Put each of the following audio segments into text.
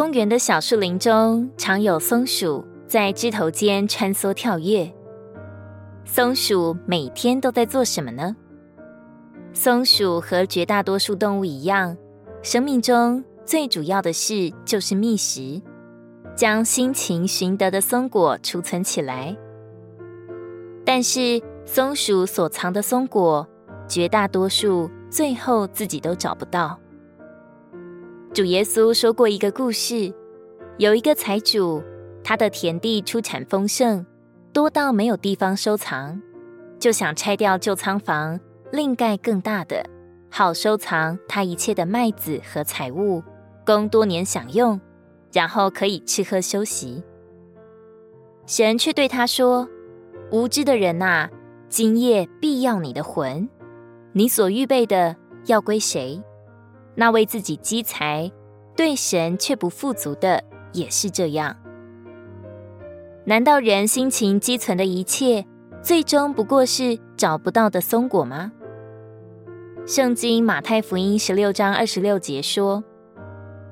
公園的小樹林中，常有松鼠在枝頭間穿梭跳躍。松鼠每天都在做什麼呢？松鼠和絕大多數動物一樣，生命中最主要的事就是覓食，將辛勤尋得的松果儲存起來。但是，松鼠所藏的松果，絕大多數最後自己都找不到。主耶穌說過一個故事，有一個財主，他的田地出產豐盛，多到沒有地方收藏，就想拆掉舊倉房，另蓋更大的，好收藏他一切的麥子和財物，供多年享用，然後可以吃喝休息。神卻對他說：“無知的人哪，今夜必要你的魂，你所預備的要歸誰？”那為自己積財，對神卻不富足的，也是這樣。難道人心情積存的一切，最終不過是找不到的松果嗎？聖經馬太福音十六章二十六節說：“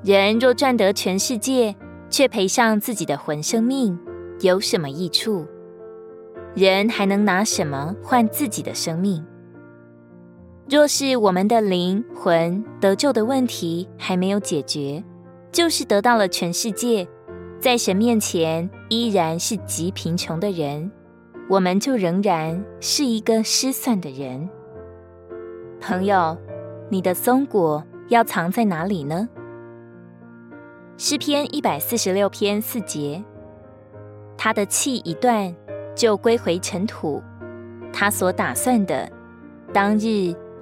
人若賺得全世界，卻賠上自己的魂生命，有什麼益處？人還能拿什麼換自己的生命？”若是我們的靈魂得救的問題還沒有解決，就是得到了全世界，在神面前依然是極貧窮的人，我們就仍然是一個失算的人。朋友，你的松果要藏在哪裡呢？詩篇一百四十六篇四節，他的氣一斷，就歸回塵土，他所打算的當日